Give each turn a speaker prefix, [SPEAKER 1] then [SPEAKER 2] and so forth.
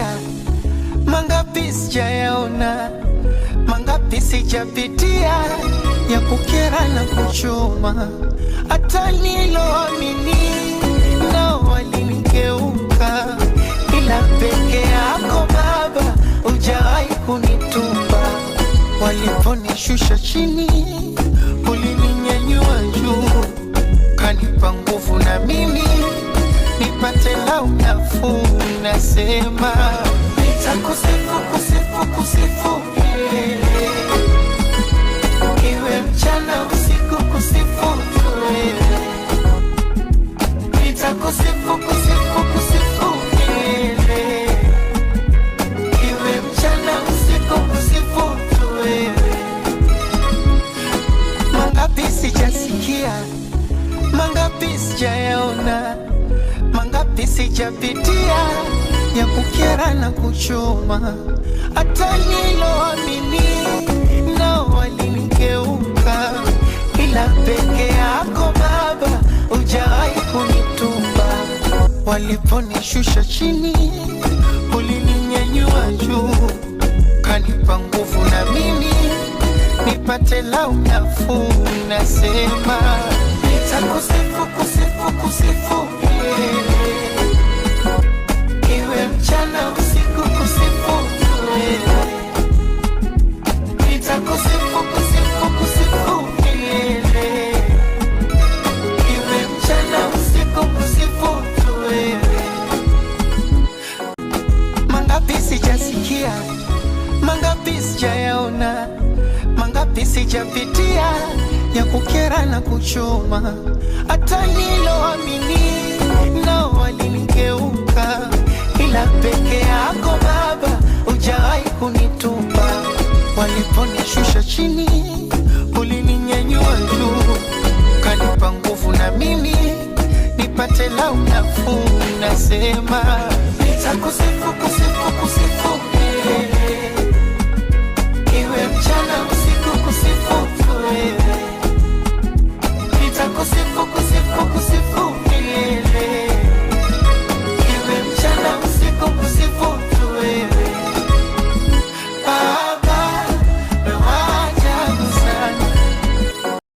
[SPEAKER 1] kupitia mangapi sijayaona, mangapi sijapitia ya kukera na kuchuma, hata niloamini na walinigeuka, ila peke yako Baba hujawahi kunitumba waliponishusha chini unafu unasema
[SPEAKER 2] nitakusifu kusifu kusifu iwe mchana usiku kusifu nitakusifu kusifu kusifu iwe mchana usiku kusifu
[SPEAKER 1] mangapi sijasikia mangapi sijayaona sijapitia ya kukera na kuchuma, hata niloamini nao walinigeuka, ila peke yako Baba ujawahi kunitumba Waliponishusha chini, ulininyanyua juu, kanipa nguvu na mimi nipate lau nafuu, nasema nisijapitia ya kukera na kuchoma, hata niloamini nao walinigeuka, ila peke yako Baba hujawahi kunitupa. Waliponishusha chini, ulininyanyua juu, kanipa nguvu na mimi nipate lau nafuu, nasema
[SPEAKER 2] nitakusifu, kusifu, kusifu, kusifu. Eh.